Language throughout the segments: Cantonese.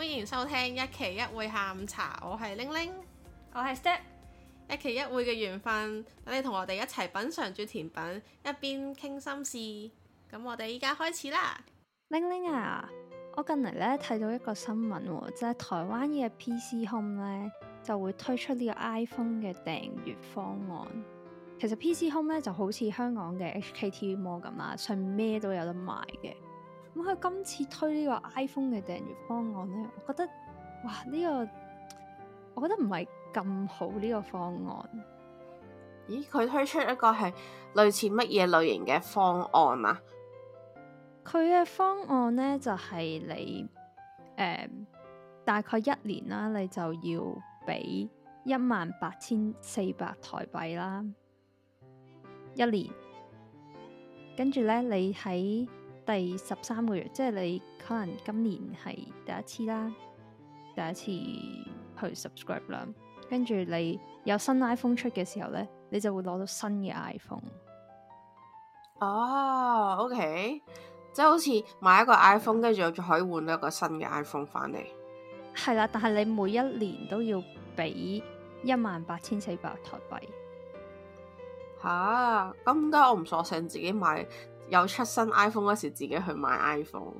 歡迎收聽一期一會下午茶，我係玲玲，我係 Step，一期一會嘅緣分，等你同我哋一齊品嚐住甜品，一邊傾心事。咁我哋依家開始啦。玲玲啊，我近嚟咧睇到一個新聞，即係台灣嘅 PC Home 咧就會推出呢個 iPhone 嘅訂閱方案。其實 PC Home 咧就好似香港嘅 HKTV Mall 咁啦，上面咩都有得賣嘅。咁佢今次推呢個 iPhone 嘅訂閱方案咧，我覺得哇，呢、這個我覺得唔係咁好呢、這個方案。咦？佢推出一個係類似乜嘢類型嘅方案啊？佢嘅方案咧就係、是、你誒、呃、大概一年啦，你就要俾一萬八千四百台幣啦，一年。跟住咧，你喺第十三個月，即係你可能今年係第一次啦，第一次去 subscribe 啦，跟住你有新 iPhone 出嘅時候呢，你就會攞到新嘅 iPhone。哦，OK，即係好似買一個 iPhone，跟住就可以換到一個新嘅 iPhone 翻嚟。係啦，但係你每一年都要俾一萬八千四百台幣。吓，咁點解我唔索性自己買。有出新 iPhone 嗰時，自己去買 iPhone。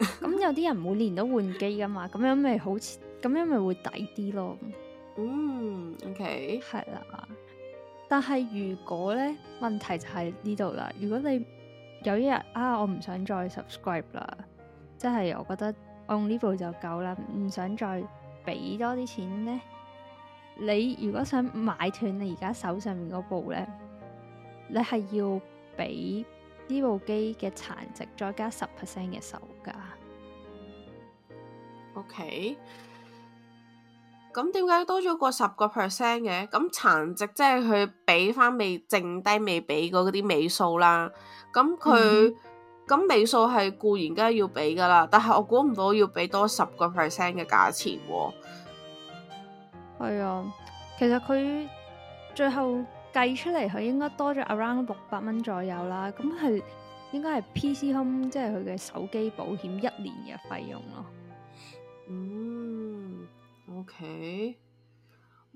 嗯。咁 有啲人每年都換機噶嘛，咁樣咪好似，咁樣咪會抵啲咯。嗯，OK，係啦。但係如果咧，問題就喺呢度啦。如果你有一日啊，我唔想再 subscribe 啦，即係我覺得按呢部就夠啦，唔想再俾多啲錢咧。你如果想買斷你而家手上面嗰部咧，你係要俾。呢部機嘅殘值再加十 percent 嘅售價。OK，咁點解多咗個十個 percent 嘅？咁殘值即係佢俾翻未，剩低未俾過嗰啲尾數啦。咁佢咁尾數係固然梗係要俾噶啦，但係我估唔到要俾多十個 percent 嘅價錢喎。係啊， 其實佢最後。計出嚟佢應該多咗 around 六百蚊左右啦，咁係應該係 PC Home 即係佢嘅手機保險一年嘅費用咯。嗯，OK，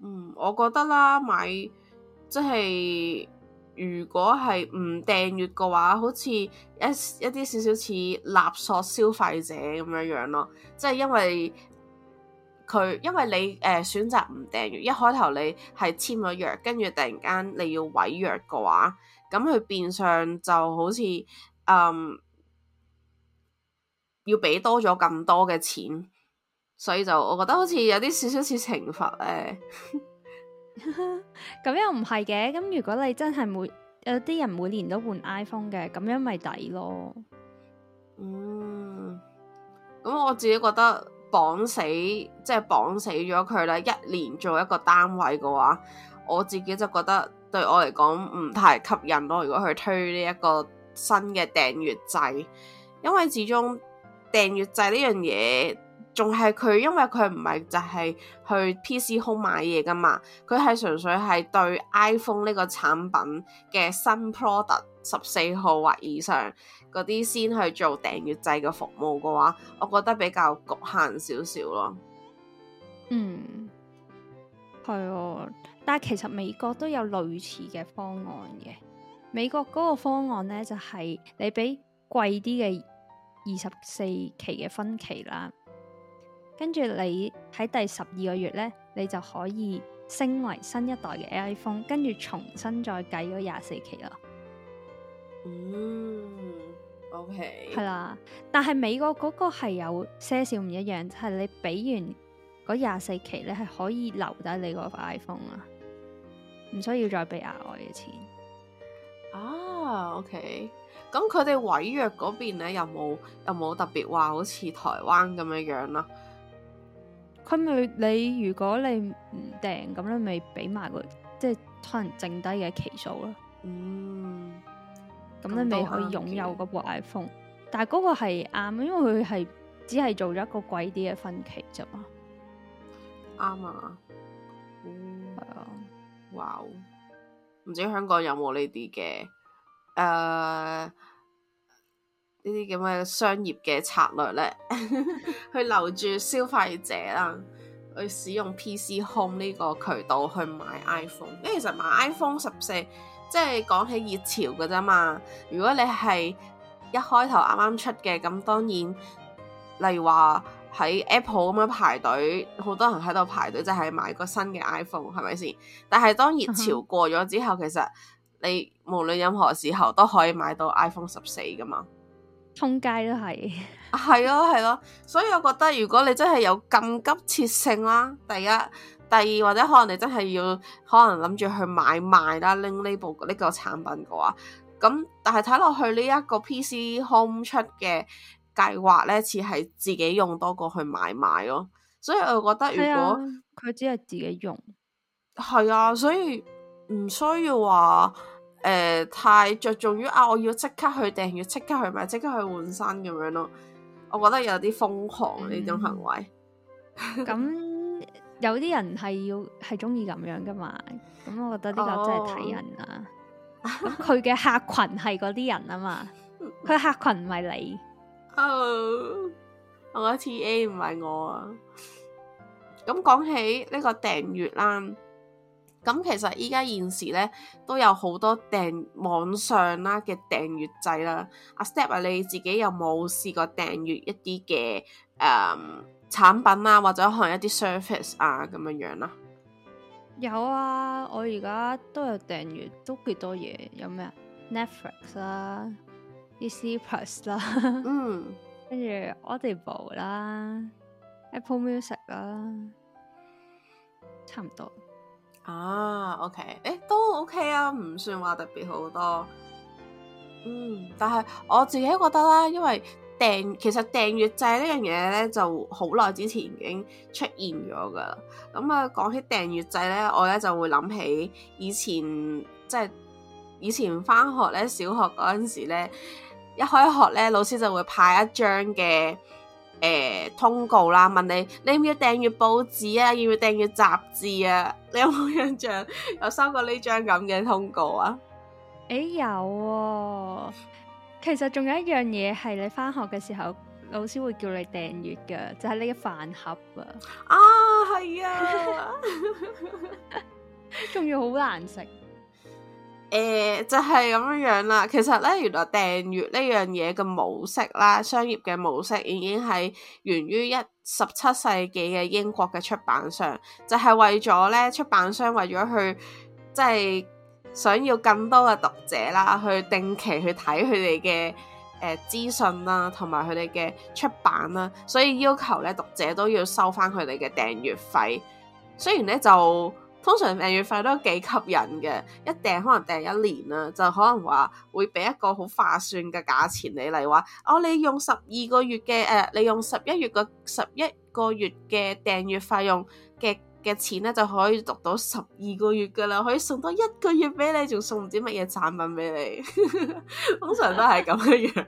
嗯，我覺得啦，買即係如果係唔訂閱嘅話，好似一一啲少少似勒索消費者咁樣樣咯，即係因為。佢，因為你誒、呃、選擇唔訂閱，一開頭你係簽咗約，跟住突然間你要毀約嘅話，咁佢變相就好似嗯要俾多咗咁多嘅錢，所以就我覺得好似有啲少少似懲罰咧。咁又唔係嘅，咁如果你真係每有啲人每年都換 iPhone 嘅，咁樣咪抵咯。嗯，咁我自己覺得。綁死即係綁死咗佢喇，一年做一個單位嘅話，我自己就覺得對我嚟講唔太吸引咯。如果佢推呢一個新嘅訂閱制，因為始終訂閱制呢樣嘢。仲係佢，因為佢唔係就係去 PC Home 買嘢噶嘛，佢係純粹係對 iPhone 呢個產品嘅新 product 十四號或以上嗰啲先去做訂閱制嘅服務嘅話，我覺得比較局限少少咯。嗯，係哦，但係其實美國都有類似嘅方案嘅。美國嗰個方案呢，就係、是、你俾貴啲嘅二十四期嘅分期啦。跟住你喺第十二個月咧，你就可以升為新一代嘅 iPhone，跟住重新再計嗰廿四期啦。嗯，OK，係啦。但係美國嗰個係有些少唔一樣，就係你俾完嗰廿四期咧，係可以留低你個 iPhone 啊，唔需要再俾額外嘅錢啊。OK，咁佢哋毀約嗰邊咧，又冇又冇特別話好似台灣咁樣樣咯。佢咪你如果你唔訂咁你，咪俾埋個即係可能剩低嘅期數咯。嗯，咁你咪可以擁有嗰部 iPhone。但係嗰個係啱，因為佢係只係做咗一個貴啲嘅分期啫嘛。啱啊！嗯，係啊！哇，唔知香港有冇呢啲嘅誒？呢啲咁嘅商業嘅策略咧， 去留住消費者啦， 去使用 PC Home 呢個渠道去買 iPhone。因為其實買 iPhone 十四即係講起熱潮嘅啫嘛。如果你係一開頭啱啱出嘅，咁當然例如話喺 Apple 咁樣排隊，好多人喺度排隊就係、是、買個新嘅 iPhone，係咪先？但係當熱潮過咗之後，嗯、哼其實你無論任何時候都可以買到 iPhone 十四㗎嘛。通街都係 、啊，係咯係咯，所以我覺得如果你真係有咁急切性啦，第一、第二或者可能你真係要可能諗住去買賣啦，拎呢部呢、呢個產品嘅話，咁但係睇落去呢一個 PC Home 出嘅計劃咧，似係自己用多過去買賣咯，所以我覺得如果佢、啊、只係自己用，係啊，所以唔需要話。誒、呃，太着重於啊！我要即刻去訂閱，即刻去買，即刻去換新咁樣咯。我覺得有啲瘋狂呢種行為。咁、嗯、 有啲人係要係中意咁樣噶嘛？咁我覺得呢個真係睇人啦、啊。咁佢嘅客群係嗰啲人啊嘛，佢 客群唔係你。Hello，oh。我覺得 T A 唔係我啊。咁講起呢個訂閱啦。咁其實依家現時咧都有好多訂網上啦嘅訂閱制啦。阿 Step 啊，你自己有冇試過訂閱一啲嘅誒產品啊，或者可能一啲、啊啊、service 啊咁樣樣啦？有啊，我而家都有訂閱，都幾多嘢。有咩啊？Netflix 啦 Disney Plus 啦、啊， 嗯，跟住 Audible 啦、啊、，Apple Music 啦、啊，差唔多。啊，OK，誒、欸，都 OK 啊，唔算話特別好多，嗯，但係我自己覺得啦，因為訂其實訂閱制呢樣嘢咧，就好耐之前已經出現咗噶，咁、嗯、啊，講起訂閱制咧，我咧就會諗起以前即係以前翻學咧，小學嗰陣時咧，一開一學咧，老師就會派一張嘅。誒，通告啦，問你你唔要訂閱報紙啊，要唔要訂閱雜誌啊？你有冇印象有收過呢張咁嘅通告啊？誒，有、哦，其實仲有一樣嘢係你翻學嘅時候，老師會叫你訂閱嘅，就係呢個飯盒啊。啊，係啊， 仲要好難食。誒就係、是、咁樣樣啦。其實咧，原來訂閱呢樣嘢嘅模式啦，商業嘅模式已經係源於一十七世紀嘅英國嘅出版商，就係、是、為咗咧出版商為咗去即係想要更多嘅讀者啦，去定期去睇佢哋嘅誒資訊啦，同埋佢哋嘅出版啦，所以要求咧讀者都要收返佢哋嘅訂閱費。雖然咧就。通常訂閱費都幾吸引嘅，一訂可能訂一年啦，就可能話會俾一個好划算嘅價錢你，例如話哦，你用十二個月嘅誒、呃，你用十一月嘅十一個月嘅訂閱費用嘅嘅錢咧，就可以讀到十二個月嘅啦，可以送多一個月俾你，仲送唔知乜嘢贈品俾你， 通常都係咁嘅樣。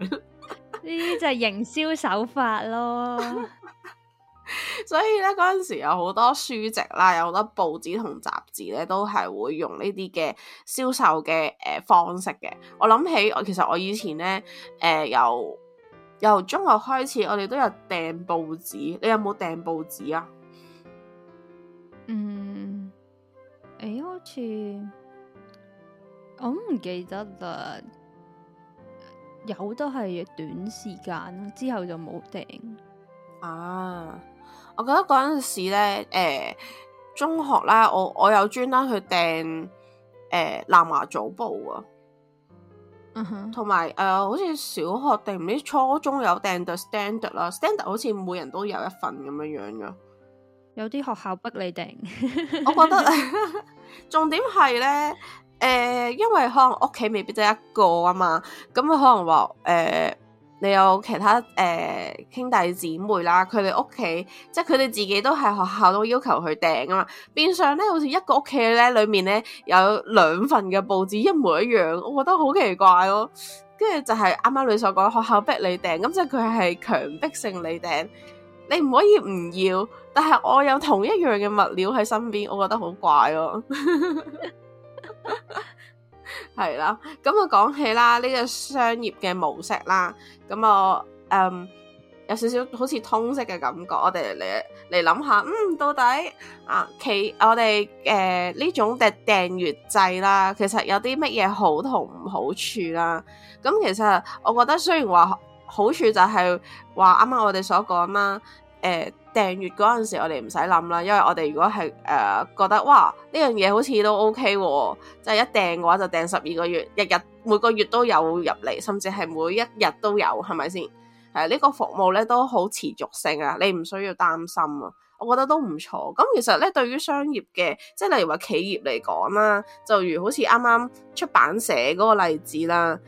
呢啲就係營銷手法咯。 所以咧，嗰陣時有好多書籍啦，有好多報紙同雜誌咧，都係會用呢啲嘅銷售嘅誒、呃、方式嘅。我諗起，我其實我以前咧，誒、呃、由由中學開始，我哋都有訂報紙。你有冇訂報紙啊？嗯，誒、欸，好似我唔記得啦，有都係短時間，之後就冇訂啊。我覺得嗰陣時咧，誒、呃，中學咧，我我有專登去訂誒南華早報啊，嗯、哼，同埋誒，好似小學定唔知初中有訂 the standard 啦，standard 好似每人都有一份咁樣樣嘅，有啲學校逼你訂， 我覺得 重點係咧，誒、呃，因為可能屋企未必得一個啊嘛，咁可能話誒。呃你有其他誒、呃、兄弟姊妹啦，佢哋屋企即係佢哋自己都喺學校都要求去訂啊嘛，變相咧好似一個屋企咧裏面咧有兩份嘅報紙，一模一樣，我覺得好奇怪咯、哦。跟住就係啱啱你所講，學校逼你訂，咁即係佢係強迫性你訂，你唔可以唔要。但係我有同一樣嘅物料喺身邊，我覺得好怪咯、哦。 係啦，咁啊講起啦，呢、這個商業嘅模式啦，咁啊，誒、嗯，有少少好似通識嘅感覺，我哋嚟嚟諗下，嗯，到底啊，其我哋誒呢種嘅訂閱制啦，其實有啲乜嘢好同唔好處啦？咁其實我覺得雖然話好，好處就係話啱啱我哋所講啦，誒、呃。訂閱嗰陣時，我哋唔使諗啦，因為我哋如果係誒、呃、覺得哇呢樣嘢好似都 OK 喎，即係一訂嘅話就訂十二個月，日日每個月都有入嚟，甚至係每一日都有，係咪先？係、呃、呢、這個服務咧都好持續性啊，你唔需要擔心啊，我覺得都唔錯。咁、嗯、其實咧，對於商業嘅，即係例如話企業嚟講啦，就如好似啱啱出版社嗰個例子啦，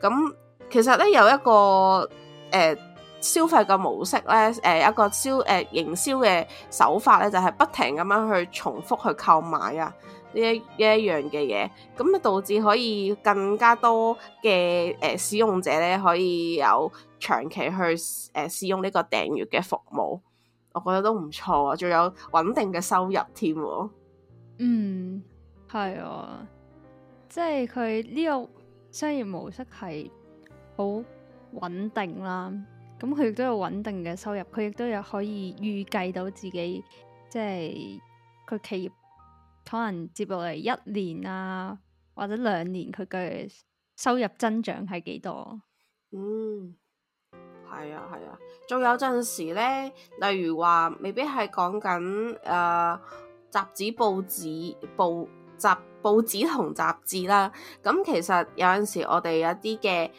咁、嗯、其實咧有一個誒。呃消費嘅模式咧，誒、呃、一個銷誒、呃、營銷嘅手法咧，就係、是、不停咁樣去重複去購買啊！呢一呢一樣嘅嘢，咁啊導致可以更加多嘅誒、呃、使用者咧，可以有長期去誒使、呃、用呢個訂閱嘅服務，我覺得都唔錯啊！仲有穩定嘅收入添、哦。嗯，係啊、哦，即係佢呢個商業模式係好穩定啦。咁佢都有穩定嘅收入，佢亦都有可以預計到自己，即係佢企業可能接落嚟一年啊，或者兩年佢嘅收入增長係幾多？嗯，係啊，係啊，仲有陣時咧，例如話未必係講緊誒雜誌、報紙、報雜報紙同雜誌啦。咁其實有陣時我哋有啲嘅誒，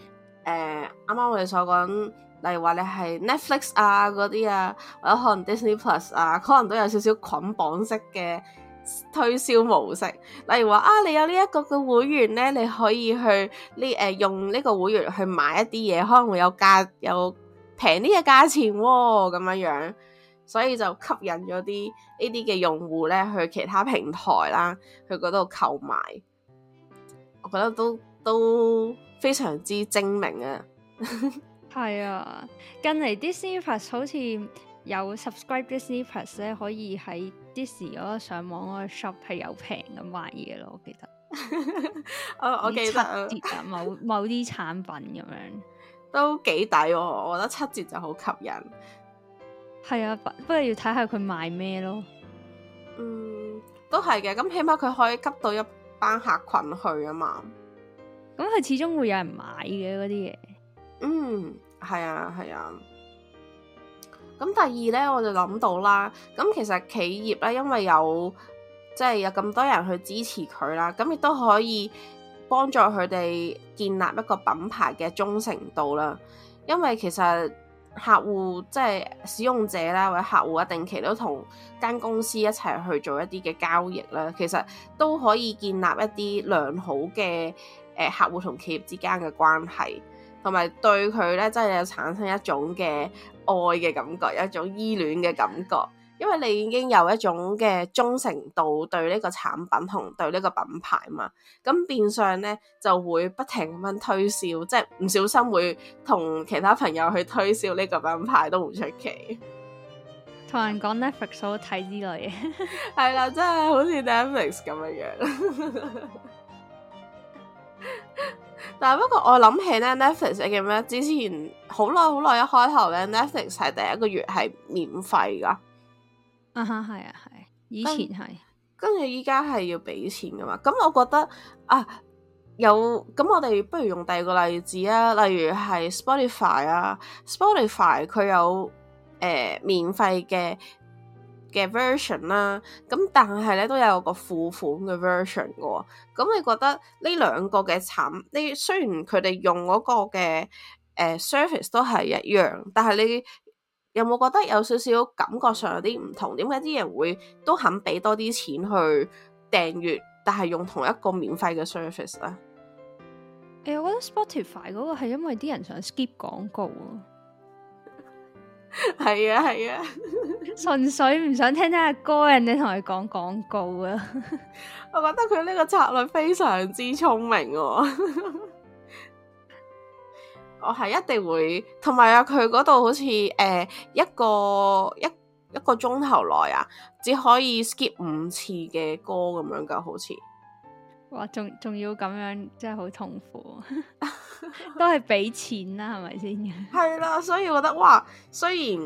啱啱我哋所講。例如話你係 Netflix 啊嗰啲啊，或者可能 Disney Plus 啊，可能都有少少捆綁式嘅推銷模式。例如話啊，你有呢一個嘅會員咧，你可以去呢誒、呃、用呢個會員去買一啲嘢，可能會有價有平啲嘅價錢喎、啊，咁樣樣，所以就吸引咗啲呢啲嘅用戶咧去其他平台啦，去嗰度購買。我覺得都都非常之精明啊！ 係啊，近嚟 Disney+ 好似有 subscribe Disney+ 咧，可以喺 Disney 嗰個上網嗰個 shop 係有平咁買嘢咯。我記得， 我我記得，折啊，某某啲產品咁樣都幾抵，我覺得七折就好吸引。係啊，不過要睇下佢賣咩咯。嗯，都係嘅，咁起碼佢可以吸到一班客群去啊嘛。咁佢、嗯、始終會有人買嘅嗰啲嘢。嗯。係啊，係啊。咁第二咧，我就諗到啦。咁其實企業咧，因為有即係、就是、有咁多人去支持佢啦，咁亦都可以幫助佢哋建立一個品牌嘅忠誠度啦。因為其實客戶即係使用者啦，或者客戶一定期都同間公司一齊去做一啲嘅交易啦，其實都可以建立一啲良好嘅誒、呃、客戶同企業之間嘅關係。同埋對佢咧，真係有產生一種嘅愛嘅感覺，一種依戀嘅感覺，因為你已經有一種嘅忠誠度對呢個產品同對呢個品牌嘛。咁變相咧就會不停咁樣推銷，即係唔小心會同其他朋友去推銷呢個品牌都唔出奇。同人講 Netflix 好睇之類嘅，係啦， 真係好似 Netflix 咁樣。 但不過我諗起咧 Netflix 嘅咩，之前好耐好耐一開頭咧，Netflix 係第一個月係免費噶嗯哼、啊，係啊係、啊，以前係，跟住依家係要俾錢噶嘛，咁我覺得啊有，咁我哋不如用第二個例子啊，例如係 Sp、啊、Spotify 啊，Spotify 佢有誒、呃、免費嘅。嘅 version 啦，咁、啊、但係咧都有個付款嘅 version 嘅，咁、嗯、你覺得呢兩個嘅產品，呢雖然佢哋用嗰個嘅誒 service 都係一樣，但係你有冇覺得有少少感覺上有啲唔同？點解啲人會都肯俾多啲錢去訂閱，但係用同一個免費嘅 service 咧？誒，我覺得 Spotify 嗰個係因為啲人想 skip 廣告。係啊係啊，純 粹唔想聽聽阿歌，人哋同佢講廣告啊！ 我覺得佢呢個策略非常之聰明哦。 我係一定會，同埋啊，佢嗰度好似誒一個一一個鐘頭內啊，只可以 skip 五次嘅歌咁樣噶，好似。哇，仲仲要咁樣，真係好痛苦， 都係俾錢啦，係咪先？係啦， 所以我覺得哇，雖然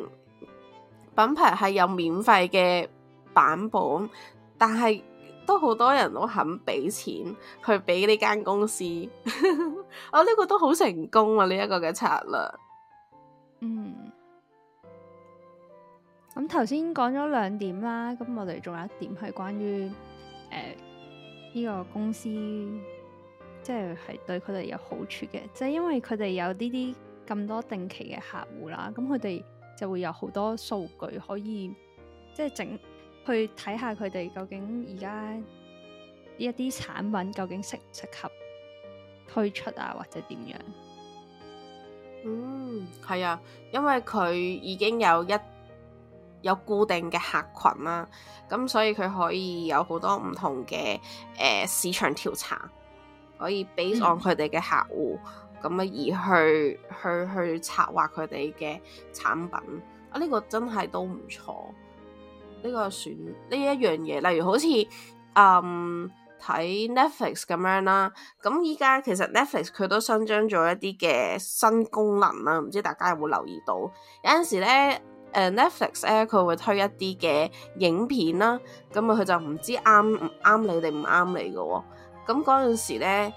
品牌係有免費嘅版本，但係都好多人都肯俾錢去俾呢間公司，我 呢、啊呢個都好成功啊！呢、呢、一個嘅策略，嗯，咁頭先講咗兩點啦，咁我哋仲有一點係關於誒。呃呢個公司即係對佢哋有好處嘅，即係因為佢哋有呢啲咁多定期嘅客戶啦，咁佢哋就會有好多數據可以即係整去睇下佢哋究竟而家呢一啲產品究竟適唔適合推出啊，或者點樣？嗯，係啊，因為佢已經有一。有固定嘅客群啦、啊，咁所以佢可以有好多唔同嘅誒、呃、市場調查，可以 base on 佢哋嘅客戶咁啊，而去去去策劃佢哋嘅產品啊，呢、這個真係都唔錯。呢、這個選呢一樣嘢，例如好似嗯睇 Netflix 咁樣啦，咁依家其實 Netflix 佢都新增咗一啲嘅新功能啦，唔知大家有冇留意到？有陣時咧。Uh, Netflix 咧，佢會推一啲嘅影片啦，咁啊佢就唔知啱唔啱你定唔啱你嘅喎、哦。咁嗰陣時咧，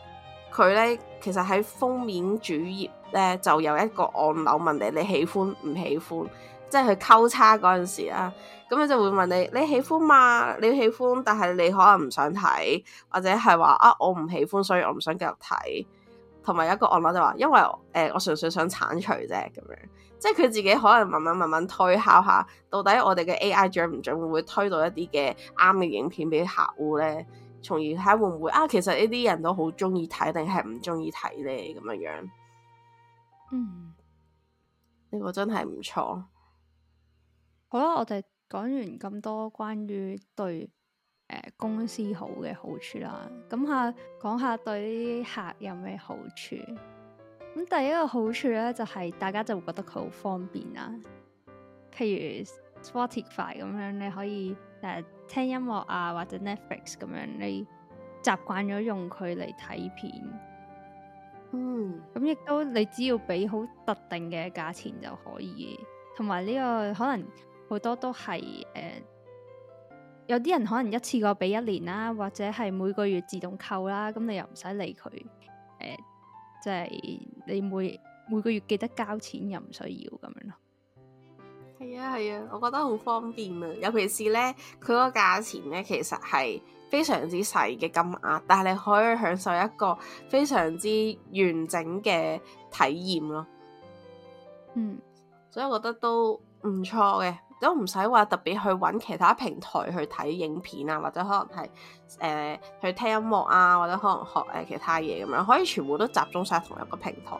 佢咧其實喺封面主頁咧就有一個按鈕問你，你喜歡唔喜歡？即係佢溝叉嗰陣時啦，咁、嗯、佢就會問你，你喜歡嘛？你喜歡，但係你可能唔想睇，或者係話啊我唔喜歡，所以我唔想繼續睇。同埋有一個按鈕就話，因為誒、呃、我純粹想鏟除啫咁樣。即係佢自己可能慢慢慢慢推敲下，到底我哋嘅 AI 準唔準，會唔會推到一啲嘅啱嘅影片畀客戶咧？從而睇會唔會啊？其實呢啲人都好中意睇，定係唔中意睇咧？咁樣樣，嗯，呢個真係唔錯。好啦，我哋講完咁多關於對誒、呃、公司好嘅好處啦，咁下講下對啲客有咩好處？咁第一個好處咧，就係大家就會覺得佢好方便啊。譬如 Spotify 咁樣，你可以誒聽音樂啊，或者 Netflix 咁樣，你習慣咗用佢嚟睇片。嗯。咁亦都你只要俾好特定嘅價錢就可以，同埋呢個可能好多都係誒、呃，有啲人可能一次過俾一年啦，或者係每個月自動扣啦，咁你又唔使理佢誒。呃即係你每每個月記得交錢又唔需要咁樣咯，係啊，係啊，我覺得好方便啊，尤其是咧佢個價錢咧其實係非常之細嘅金額，但係你可以享受一個非常之完整嘅體驗咯。嗯，所以我覺得都唔錯嘅。都唔使話特別去揾其他平台去睇影片啊，或者可能係誒、呃、去聽音樂啊，或者可能學誒、呃、其他嘢咁樣，可以全部都集中晒同一個平台。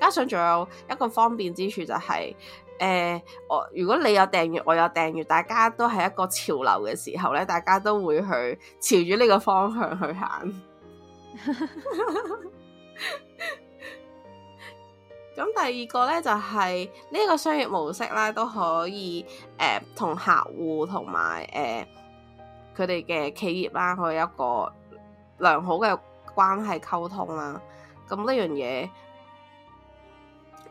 加上仲有一個方便之處就係、是，誒、呃、我如果你有訂閱，我有訂閱，大家都係一個潮流嘅時候呢，大家都會去朝住呢個方向去行。 咁第二個咧就係、是、呢個商業模式啦，都可以誒同、呃、客戶同埋誒佢哋嘅企業啦，可以有一個良好嘅關係溝通啦。咁呢樣嘢。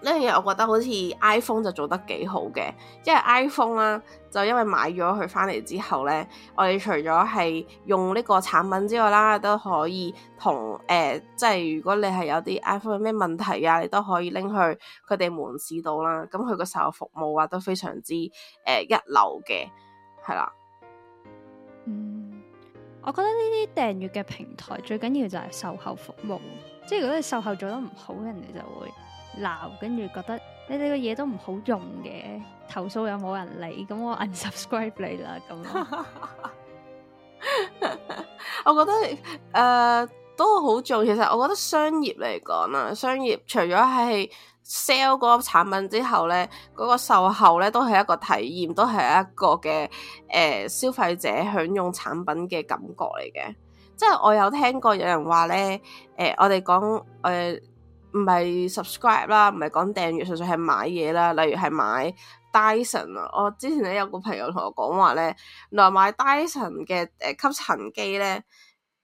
呢樣嘢我覺得好似 iPhone 就做得幾好嘅，因為 iPhone 啦、啊，就因為買咗佢翻嚟之後咧，我哋除咗係用呢個產品之外啦，都可以同誒，即、呃、係、就是、如果你係有啲 iPhone 有咩問題啊，你都可以拎去佢哋門市度啦。咁佢個售後服務啊都非常之誒、呃、一流嘅，係啦。嗯，我覺得呢啲訂閲嘅平台最緊要就係售後服務，即係如果你售後做得唔好，人哋就會。鬧，跟住覺得你哋嘅嘢都唔好用嘅，投訴又冇人理，咁我 unsubscribe 你啦。咁， 我覺得誒、呃、都好重要。其實我覺得商業嚟講啊，商業除咗係 sell 嗰個產品之後咧，嗰、嗰個售後咧都係一個體驗，都係一個嘅誒、呃、消費者享用產品嘅感覺嚟嘅。即係我有聽過有人話咧，誒、呃，我哋講誒。呃唔係 subscribe 啦，唔係講訂閱，純粹係買嘢啦。例如係買 Dyson 啊，我之前咧有個朋友同我講話咧，原來買 Dyson 嘅誒吸、呃、塵機咧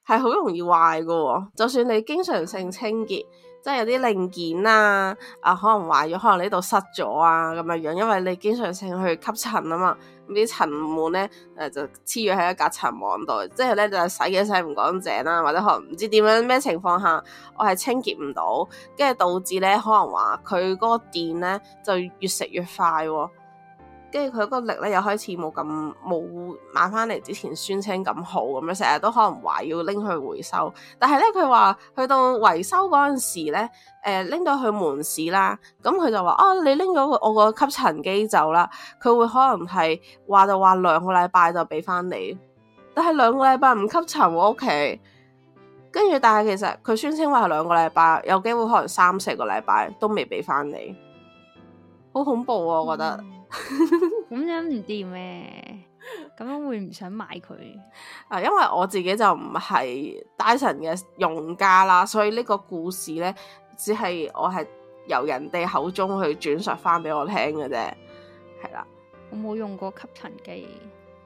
係好容易壞㗎，就算你經常性清潔。即係有啲零件啊，啊可能壞咗，可能呢度塞咗啊咁嘅樣，因為你經常性去吸塵啊嘛，咁啲塵蟎咧誒就黐咗喺一隔塵網度，即係咧就是、洗嘅洗唔乾淨啦，或者可能唔知點樣咩情況下，我係清潔唔到，跟住導致咧可能話佢嗰個電咧就越食越快喎、啊。跟住佢個力咧，又開始冇咁冇買翻嚟之前宣稱咁好咁樣，成日都可能話要拎去回收。但係咧，佢話去到維修嗰陣時咧，誒、呃、拎到去門市啦，咁佢就話，哦，你拎咗我個吸塵機走啦，佢會可能係話就話兩個禮拜就俾翻你。但係兩個禮拜唔吸塵，我屋企。跟住，但係其實佢宣稱話兩個禮拜有機會可能三四個禮拜都未俾翻你，好恐怖啊！我覺得。嗯咁 樣唔掂咩？咁樣會唔想買佢？啊，因為我自己就唔係 Dyson 嘅用家啦，所以呢個故事咧，只係我係由人哋口中去轉述翻俾我聽嘅啫，係啦、啊。我冇用過吸塵機，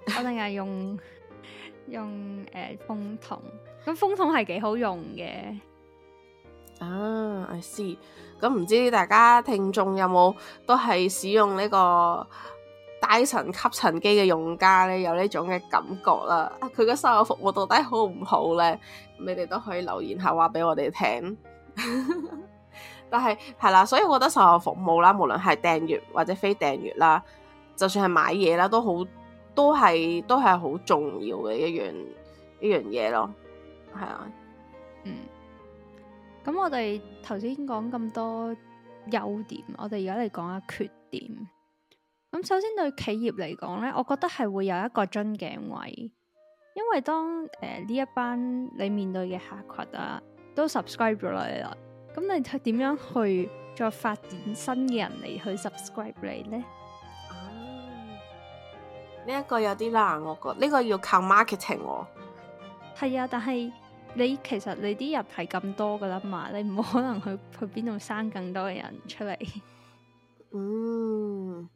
我淨係用 用誒、呃、風筒，咁風筒係幾好用嘅。啊、ah，I see，咁唔知大家聽眾有冇都係使用呢個 Dyson 吸塵機嘅用家咧？有呢種嘅感覺啦，佢嘅售後服務到底好唔好咧？你哋都可以留言下話俾我哋聽。 但係係啦，所以我覺得售後服務啦，無論係訂閱或者非訂閱啦，就算係買嘢啦，都好都係都係好重要嘅一樣一樣嘢咯，係啊，嗯。咁我哋頭先講咁多優點，我哋而家嚟講下缺點。咁首先對企業嚟講呢，我覺得係會有一個樽頸位，因為當誒呢、呃、一班你面對嘅客群啊都 subscribe 咗你啦，咁你點樣去再發展新嘅人嚟去 subscribe 你呢？呢一、啊呢個有啲難，我覺呢、呢個要靠 marketing 哦。係啊，但係。你其實你啲人係咁多㗎啦嘛，你唔可能去去邊度生更多嘅人出嚟。嗯，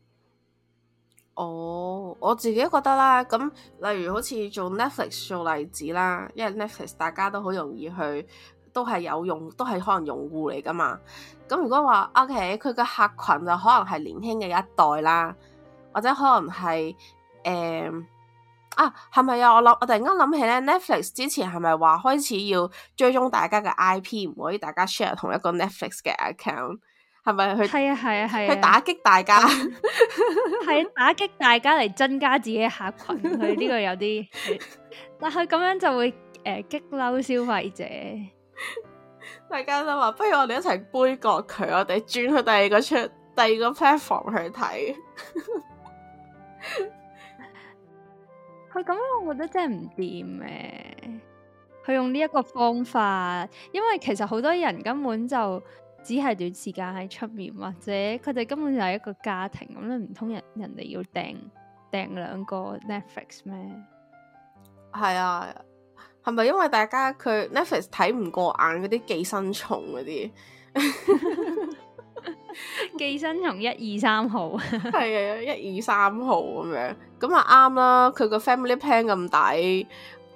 哦，我自己覺得啦，咁例如好似做 Netflix 做例子啦，因為 Netflix 大家都好容易去，都係有用，都係可能用戶嚟㗎嘛。咁如果話 OK，佢嘅客群就可能係年輕嘅一代啦，或者可能係誒。嗯啊，係咪啊？我諗我突然間諗起咧，Netflix 之前係咪話開始要追蹤大家嘅 IP，唔可以大家 share 同一個 Netflix 嘅 account，係咪去？係啊係啊係啊！啊啊去打擊大家，係 打擊大家嚟增加自己嘅客群，佢、這、呢個有啲， 但佢咁樣就會誒、呃、激嬲消費者。 大家都話，不如我哋一齊杯葛佢，我哋轉去第二個出第二個 platform 去睇。 咁樣我覺得真係唔掂嘅，佢用呢一個方法，因為其實好多人根本就只係短時間喺出面，或者佢哋根本就係一個家庭，咁你唔通人人哋要訂訂兩個 Netflix 咩？係啊，係咪因為大家佢 Netflix 睇唔過眼嗰啲寄生蟲嗰啲？ 寄生蟲一二三號，係 啊，一二三號咁樣，咁啊啱啦。佢個 family plan 咁抵，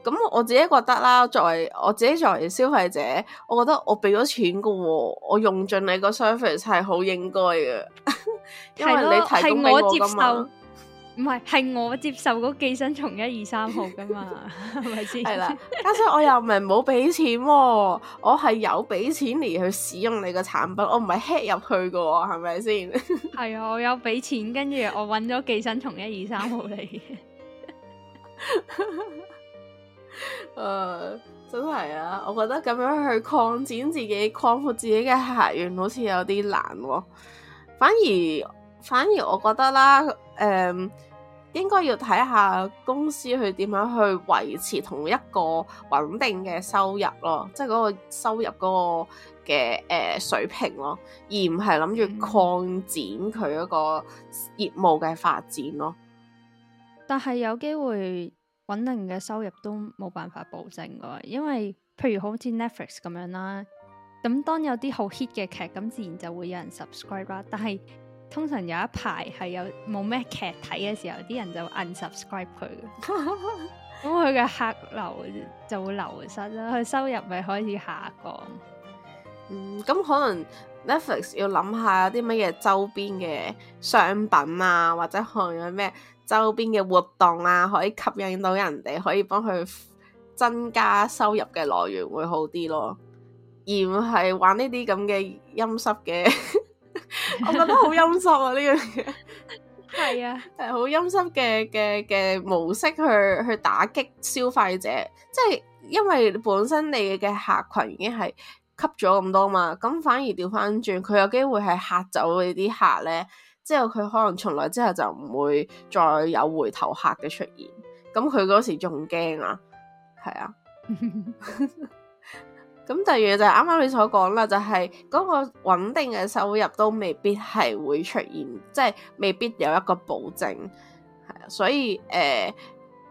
咁我自己覺得啦，作為我自己作為消費者，我覺得我俾咗錢噶，我用盡你個 service 係好應該嘅，因為你提供咗，係咯，係我接受。唔係，係我接受嗰寄生蟲一二三號噶嘛，係咪先？係啦，加上我又唔係冇俾錢、啊，我係有俾錢嚟去使用你個產品，我唔係吃入去噶，係咪先？係 啊，我有俾錢，跟住我搵咗寄生蟲一二三號嚟嘅。誒、 呃，真係啊，我覺得咁樣去擴展自己、擴闊自己嘅客源，好似有啲難、啊，反而。反而我覺得啦，誒、嗯、應該要睇下公司去點樣去維持同一個穩定嘅收入咯，即係嗰個收入嗰個嘅誒、呃、水平咯，而唔係諗住擴展佢嗰個業務嘅發展咯。嗯、但係有機會穩定嘅收入都冇辦法保證㗎，因為譬如好似 Netflix 咁樣啦，咁當有啲好 hit 嘅劇，咁自然就會有人 subscribe 啦，但係。通常有一排係有冇咩劇睇嘅時候，啲人就 unsubscribe 佢，咁佢嘅客流就會流失啦，佢收入咪開始下降。嗯，咁、嗯、可能 Netflix 要諗下啲乜嘢周邊嘅商品啊，或者可能有咩周邊嘅活動啊，可以吸引到人哋，可以幫佢增加收入嘅來源會好啲咯，而唔係玩呢啲咁嘅陰濕嘅。我覺得好陰濕啊！呢樣嘢係啊，係好陰濕嘅嘅嘅模式去去打擊消費者，即係因為本身你嘅客群已經係吸咗咁多嘛，咁反而調翻轉，佢有機會係嚇走你啲客咧，之後佢可能從來之後就唔會再有回頭客嘅出現，咁佢嗰時仲驚啊，係啊。 咁第二就係啱啱你所講啦，就係、是、嗰個穩定嘅收入都未必係會出現，即係未必有一個保證。係，所以誒、呃，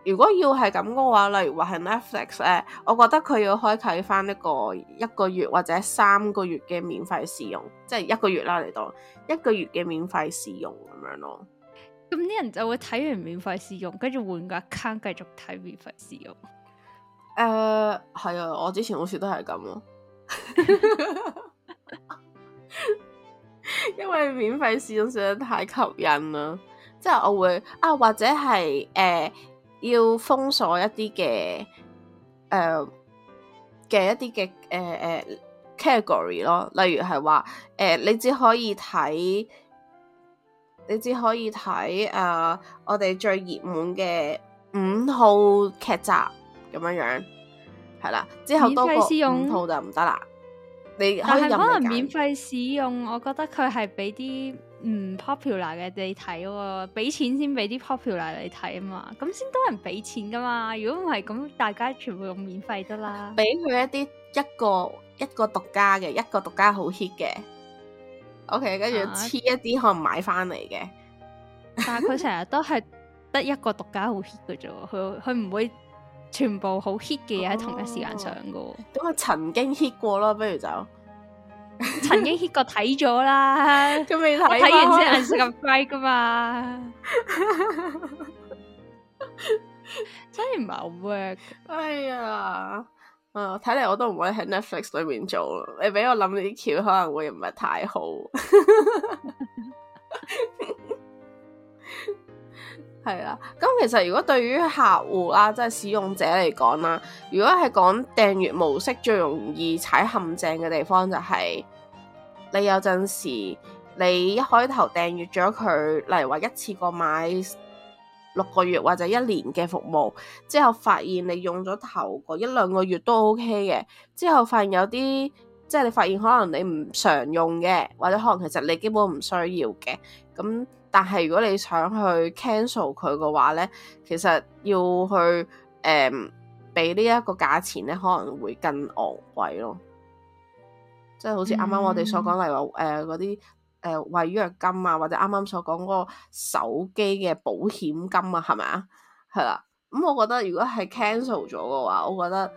如果要係咁嘅話，例如話係 Netflix 咧，我覺得佢要開啟返一個一個月或者三個月嘅免費試用，即係一個月啦嚟到，一個月嘅免費試用咁樣咯。咁啲人就會睇完免費試用，跟住換個 account 繼續睇免費試用。誒，係、uh, 啊！我之前好似都係咁，因為免費試用實在太吸引啦，即係我會啊，或者係誒、呃、要封鎖一啲嘅誒嘅一啲嘅誒誒 category 咯，例如係話誒你只可以睇你只可以睇誒、呃、我哋最熱門嘅五套劇集。咁樣樣係啦，之後多個五套就唔得啦。你，你但係可能免費使用，我覺得佢係俾啲唔 popular 嘅你睇喎，俾錢先俾啲 popular 你睇啊嘛。咁先多人俾錢噶嘛。如果唔係咁，大家全部用免費得啦。俾佢一啲一個一個獨家嘅一個獨家好 hit 嘅。OK，跟住黐一啲、啊、可能買翻嚟嘅， 但係佢成日都係得一個獨家好 hit 嘅啫。佢佢唔會。全部好 hit 嘅嘢喺同一時間上噶。咁啊、哦、曾經 hit 過咯，不如就 曾經 hit 過睇咗啦，咁你睇完之後係咁 grey 噶嘛，真係唔係 work。哎呀，嗯、呃，睇嚟我都唔可以喺 Netflix 裏面做，你俾我諗呢啲橋可能會唔係太好。 係啦，咁其實如果對於客戶啦，即係使用者嚟講啦，如果係講訂閱模式最容易踩陷阱嘅地方就係你有陣時，你一開頭訂閱咗佢，例如話一次過買六個月或者一年嘅服務，之後發現你用咗頭個一兩個月都 O K 嘅，之後發現有啲即係你發現可能你唔常用嘅，或者可能其實你基本唔需要嘅，咁。但係如果你想去 cancel 佢嘅話咧，其實要去誒俾呢一個價錢咧，可能會更昂貴咯。即係好似啱啱我哋所講，例如誒嗰啲誒違約金啊，或者啱啱所講嗰個手機嘅保險金啊，係咪啊？係啦。咁我覺得如果係 cancel 咗嘅話，我覺得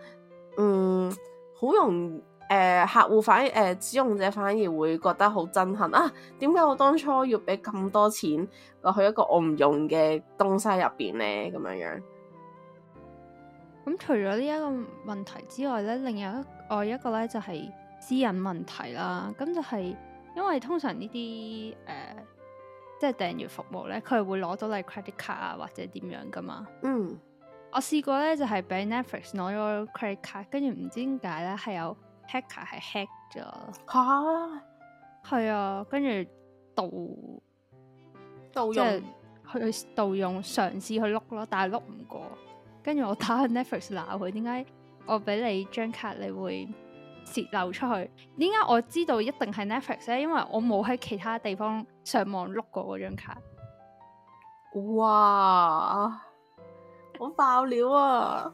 嗯好容。誒、呃，客戶反誒、呃、使用者反而會覺得好憎恨啊！點解我當初要俾咁多錢落去一個我唔用嘅東西入邊咧？咁樣樣咁、嗯嗯、除咗呢一個問題之外咧，另一外一個咧就係私隱問題啦。咁就係因為通常呢啲誒即係訂閱服務咧，佢係會攞到你 credit card 啊，或者點樣噶嘛。嗯，我試過咧就係、是、俾 Netflix 攞咗 credit card，跟住唔知點解咧係有。Hacker 係 hack 咗，吓，係啊，跟住盜盜用去盜用嘗試去碌咯，但係碌唔過，跟住我打去 Netflix 鬧佢，點解我俾你張卡你會泄漏出去？點解我知道一定係 Netflix 咧？因為我冇喺其他地方上網碌過嗰張卡。哇，好爆料啊！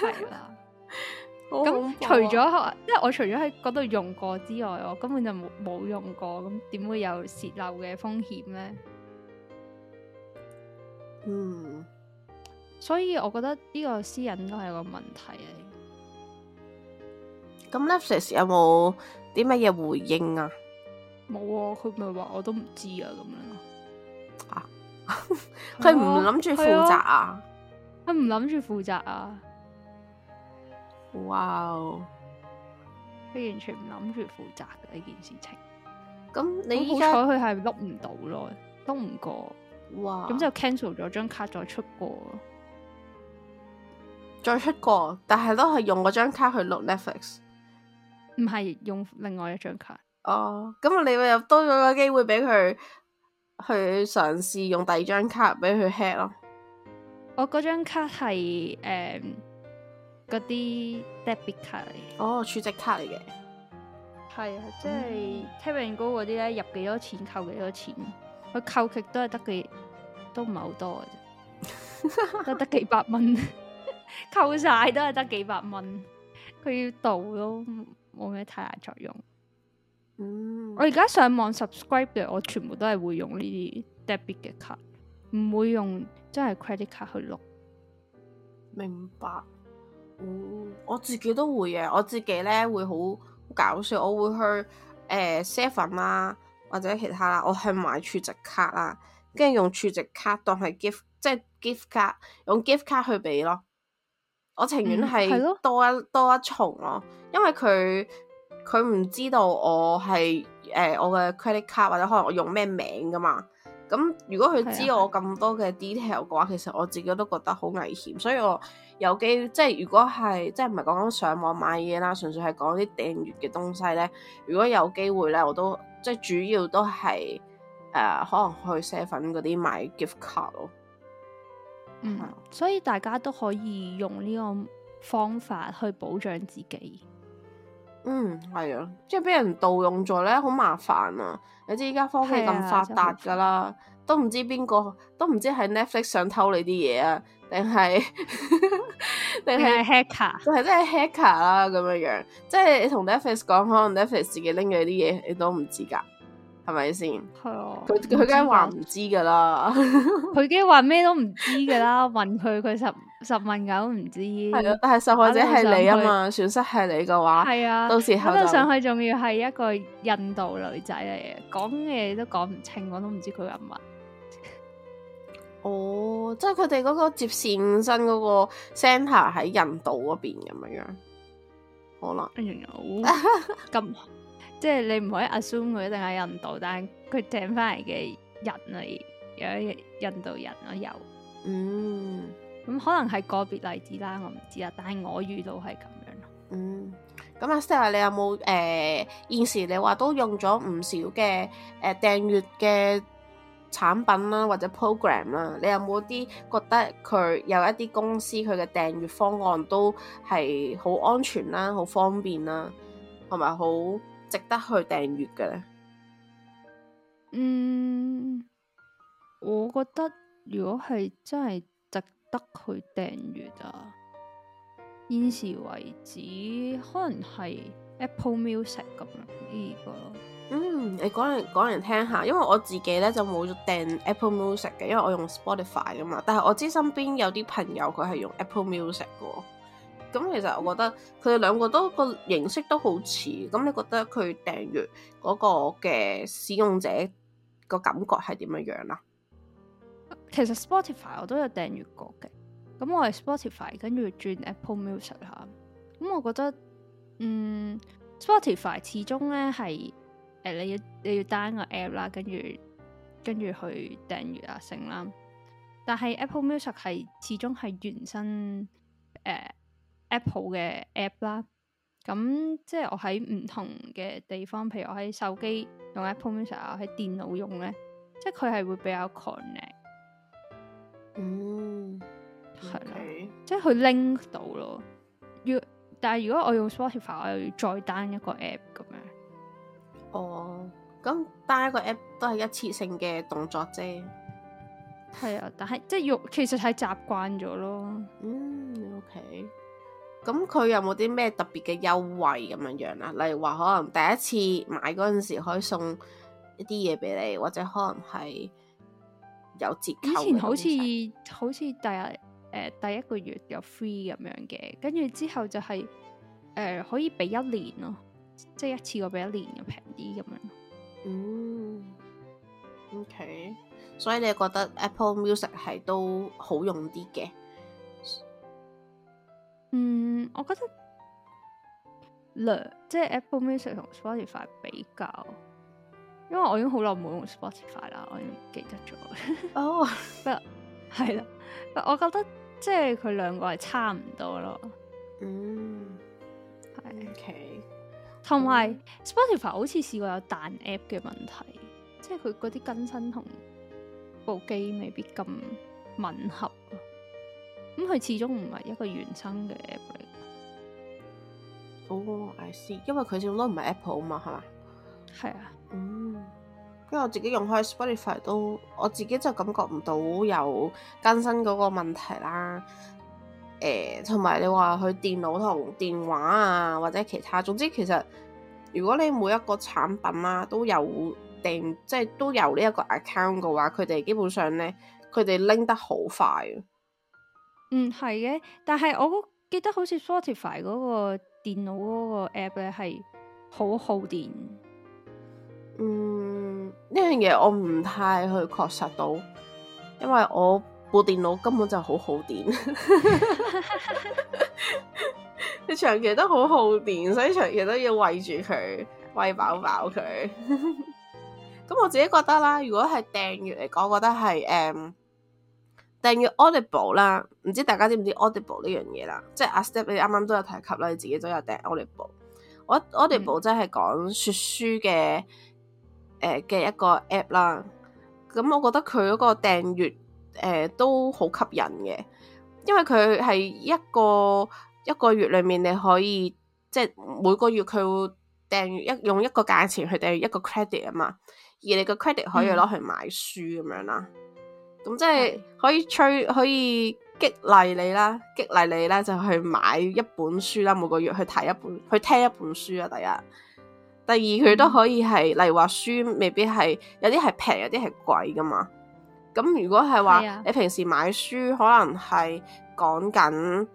係啦、 啊。 咁、 嗯、除咗即係我除咗喺嗰度用過之外，我根本就冇冇用過，咁點會有泄漏嘅風險咧？嗯，所以我覺得呢個私隱都係個問題嚟。咁 Netflix 有冇啲乜嘢回應啊？冇啊，佢咪話我都唔知啊，咁樣啊？佢唔諗住負責啊？佢唔諗住負責啊？ 啊哇佢 Wow. 完全唔諗住負責嘅呢件事情。咁你好彩佢係碌唔到咯，都唔過。哇！咁就 cancel 咗張卡再出過，再出過，但係都係用嗰張卡去碌 Netflix。唔係用另外一張卡哦。咁、oh, 你咪又多咗個機會俾佢去嘗試用第二張卡俾佢 hit 咯。我嗰張卡係誒。嗯嗰啲 debit 卡嚟，哦儲值卡嚟嘅，係即係 checking account 嗰啲咧，入幾多錢扣幾多錢，佢扣極都係得幾，都唔係好多，嘅啫， 都得幾百蚊，扣晒都係得幾百蚊，佢要導咯，冇咩太大作用。嗯，我而家上網 subscribe 嘅，我全部都係會用呢啲 debit 嘅卡，唔會用真係 credit 卡去錄。明白。哦、我自己都會嘅，我自己咧會好搞笑，我會去誒 Seven 啦，或者其他啦，我去買儲值卡啦，跟住用儲值卡當係 gift，即係 gift 卡，用 gift 卡去俾咯。我情願係多一、嗯、多、一多一重咯，因為佢佢唔知道我係誒、呃、我嘅 credit card，或者可能我用咩名噶嘛。咁如果佢知我咁多嘅 detail 嘅話，其實我自己都覺得好危險，所以我。有機，即係如果係即係唔係講緊上網買嘢啦，純粹係講啲訂閲嘅東西咧。如果有機會咧，我都即係主要都係誒、呃，可能去寫份嗰啲買 gift card 咯。嗯，嗯，所以大家都可以用呢個方法去保障自己。嗯，係啊，即係俾人盜用咗咧，好麻煩啊！你知依家科技咁發達噶啦。都唔知邊個，都唔知喺 Netflix 想偷你啲嘢啊，定係定係 Hacker？定係真係 Hacker 啦，咁樣樣。即係你同 Netflix 講，可能 Netflix 自己拎咗啲嘢，你都唔知㗎，係咪先？係啊，佢佢梗係話唔知㗎啦，佢梗 係話咩都唔知㗎啦。問佢，佢十十問九唔知。係啊，但係受害者係你啊嘛，損失係你嘅話，係啊。到時候加上去仲要係一個印度女仔嚟嘅，講嘢都講唔清，我都唔知佢講乜。哦，即係佢哋嗰個接線生嗰個 center 喺印度嗰邊咁樣樣，好啦，可能咁，即係你唔可以 assume 佢一定喺印度，但係佢訂翻嚟嘅人嚟，有一印度人咯有，嗯，咁可能係個別例子啦，我唔知啊，但係我遇到係咁樣咯，嗯，咁阿 Sir 你有冇誒、呃、現時你話都用咗唔少嘅誒訂閱嘅？呃產品啦，或者 program 啦，你有冇啲覺得佢有一啲公司佢嘅訂閲方案都係好安全啦、好方便啦，同埋好值得去訂閲嘅呢？嗯，我覺得如果係真係值得去訂閲啊，現時為止可能係 Apple Music 咁呢、呢個。嗯，你講嚟講嚟聽下，因為我自己咧就冇咗訂 Apple Music 嘅，因為我用 Spotify 噶嘛。但係我知身邊有啲朋友佢係用 Apple Music 嘅，咁、嗯、其實我覺得佢哋兩個都個形式都好似咁，你覺得佢訂閱嗰個嘅使用者個感覺係點樣樣啦？其實 Spotify 我都有訂閱過嘅，咁我係 Spotify 跟住轉 Apple Music 下、啊，咁我覺得嗯 Spotify 始終咧係。誒，你要你要 down 個 app 啦，跟住跟住去訂閲啊，成啦。但係 Apple Music 係始終係原生誒 Apple 嘅 app 啦。咁即係我喺唔同嘅地方，譬如我喺手機用 Apple Music 啊，喺電腦用咧，即係佢係會比較 connect。嗯，係咯，即係佢 link 到咯。要，但係如果我用 Spotify，我又要再 down 一個 app 咁樣。哦。咁 down 個 app 都係一次性嘅動作啫，係啊，但係即係用其實係習慣咗咯。嗯，OK。咁佢有冇啲咩特別嘅優惠咁樣樣啊？例如話可能第一次買嗰陣時可以送一啲嘢俾你，或者可能係有折扣。以前好似好似第日誒、呃、第一個月有 free 咁樣嘅，跟住之後就係、是、誒、呃、可以俾一年咯，即係一次過俾一年又平啲咁樣。嗯、mm，OK，所以你覺得 Apple Music 係都好用啲嘅？嗯，我覺得即係 Apple Music 同 Spotify 比較，因為我已經好耐冇用 Spotify 啦，我已經唔記得咗。哦，不係啦，不我覺得即係佢兩個係差唔多咯。嗯，係，OK。同埋、oh. Spotify 好似試過有彈 App 嘅問題，即係佢嗰啲更新同部機未必咁吻合。咁佢、嗯、始終唔係一個原生嘅 App 嚟。哦、oh, I see，因為佢始終都唔係 Apple 啊嘛，係嘛？係啊。嗯。跟住我自己用開 Spotify 都，我自己就感覺唔到有更新嗰個問題啦。誒，同埋、欸、你話佢電腦同電話啊，或者其他，總之其實如果你每一個產品啦、啊、都有訂，即係都有呢一個 account 嘅話，佢哋基本上咧，佢哋拎得好快。嗯，係嘅，但係我記得好似 Spotify 嗰個電腦嗰個 app 咧，係好耗電。嗯，呢樣嘢我唔太去確實到，因為我。部電腦根本就好耗電 你長期都好耗電，所以長期都要餵住佢，餵飽飽佢。咁 我自己覺得啦，如果係訂閱嚟講，我覺得係誒、嗯、訂閱 Audible 啦，唔知大家知唔知 Audible 呢樣嘢啦？即係阿 Step 你啱啱都有提及啦，你自己都有訂 Audible。我 Audible 即係講說，說書嘅誒嘅一個 App 啦。咁我覺得佢嗰個訂閱。誒、呃，都好吸引嘅，因為佢係一個一個月裏面你可以即係、就是、每個月佢會訂閱一用一個價錢去訂閱一個 credit 啊嘛，而你個 credit 可以攞去買書咁、嗯、樣啦，咁即係可以催可以激勵你啦，激勵你咧就去買一本書啦，每個月去睇一本去聽一本書啊，第一，第二佢都、嗯、可以係，例如話書未必係有啲係平，有啲係貴噶嘛。咁如果係話你平時買書，的可能係講緊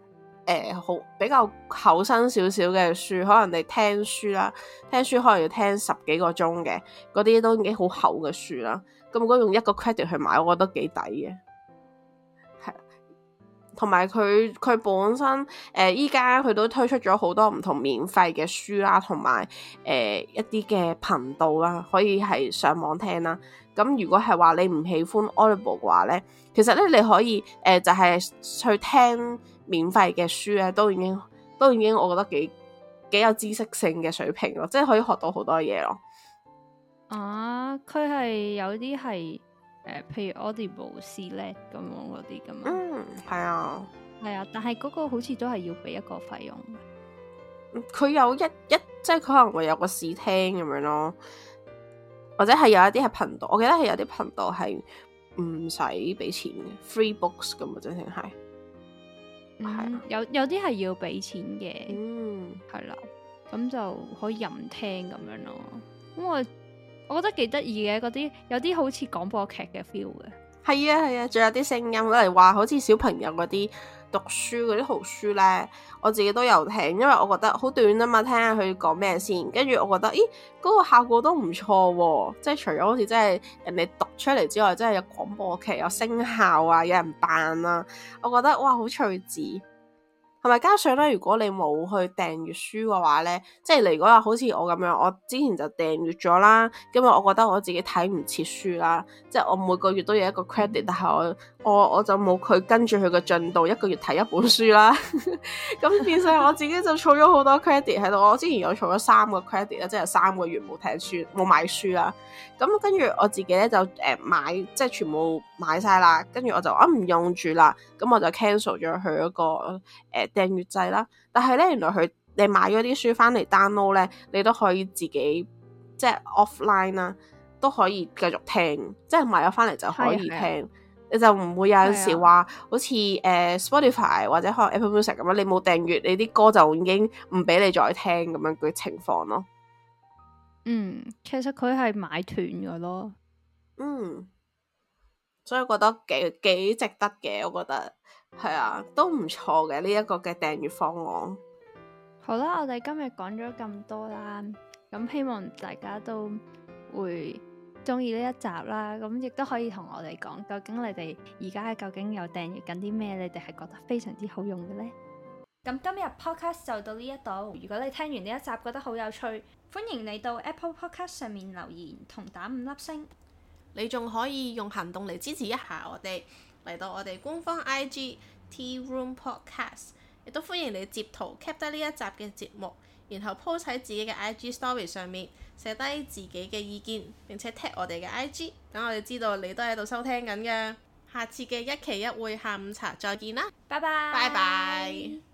誒好比較厚身少少嘅書，可能你聽書啦，聽書可能要聽十幾個鐘嘅，嗰啲都幾好厚嘅書啦。咁如果用一個 credit 去買，我覺得幾抵嘅，係。同埋佢佢本身誒，依家，佢都推出咗好多唔同免費嘅書啦，同埋誒一啲嘅頻道啦，可以係上網聽啦。咁如果係話你唔喜歡 Audible 嘅話咧，其實咧你可以誒、呃，就係、是、去聽免費嘅書咧，都已經都已經我覺得幾幾有知識性嘅水平咯，即係可以學到好多嘢咯。啊，佢係有啲係誒，譬如 Audible 試咧咁樣嗰啲噶嘛。嗯，係啊，係啊，但係嗰個好似都係要俾一個費用嘅。佢有一一，即係佢可能會有個試聽咁樣咯。或者係有一啲係頻道，我記得係有啲頻道係唔使俾錢嘅，free books 咁啊，真正係，有有啲係要俾錢嘅，嗯，係啦，咁就可以任聽咁樣咯，咁我，我覺得幾得意嘅，嗰啲有啲好似廣播劇嘅 feel 嘅，係啊係啊，仲有啲聲音嚟話好似小朋友嗰啲。讀書嗰啲圖書咧，我自己都有聽，因為我覺得好短啊嘛，聽下佢講咩先，跟住我覺得，咦，嗰個效果都唔錯喎、啊，即係除咗好似真係人哋讀出嚟之外，真係有廣播劇有聲效啊，有人扮啦、啊，我覺得哇，好趣致。同埋加上咧，如果你冇去訂閱書嘅話咧，即係如果好似我咁樣，我之前就訂閱咗啦，咁啊，我覺得我自己睇唔切書啦，即係我每個月都有一個 credit，但係我我我就冇佢跟住佢嘅進度，一個月睇一本書啦，咁 變相我自己就儲咗好多 credit 喺度。我之前有儲咗三個 credit，即係三個月冇睇書冇買書啦，咁跟住我自己咧就誒、呃、買即係全部買晒啦，跟住我就啊唔用住啦，咁我就 cancel 咗佢嗰個、呃訂閱制啦，但係咧，原來佢你買咗啲書翻嚟 download 咧，你都可以自己即係 offline 啦，都可以繼續聽，即係買咗翻嚟就可以聽，的你就唔會有陣時話的好似誒、呃、Spotify 或者可能 Apple Music 咁樣，你冇訂閱你啲歌就已經唔俾你再聽咁樣嘅情況咯。嗯，其實佢係買斷噶咯，嗯。所以我覺得幾幾值得嘅，我覺得係啊，都唔錯嘅呢一個嘅訂閱方案。好啦，我哋今日講咗咁多啦，咁希望大家都會中意呢一集啦。咁亦都可以同我哋講，究竟你哋而家究竟有訂閱緊啲咩？你哋係覺得非常之好用嘅呢？咁今日 podcast 就到呢一度。如果你聽完呢一集覺得好有趣，歡迎你到 Apple Podcast 上面留言同打五粒星。你仲可以用行動嚟支持一下我哋，嚟到我哋官方 IG Tea Room Podcast，亦都歡迎你截圖 cap 低呢一集嘅節目，然後 po 喺自己嘅 IG Story 上面，寫低自己嘅意見，並且 tag 我哋嘅 IG，等我哋知道你都喺度收聽緊嘅。下次嘅一期一會下午茶，再見啦，拜拜，拜拜。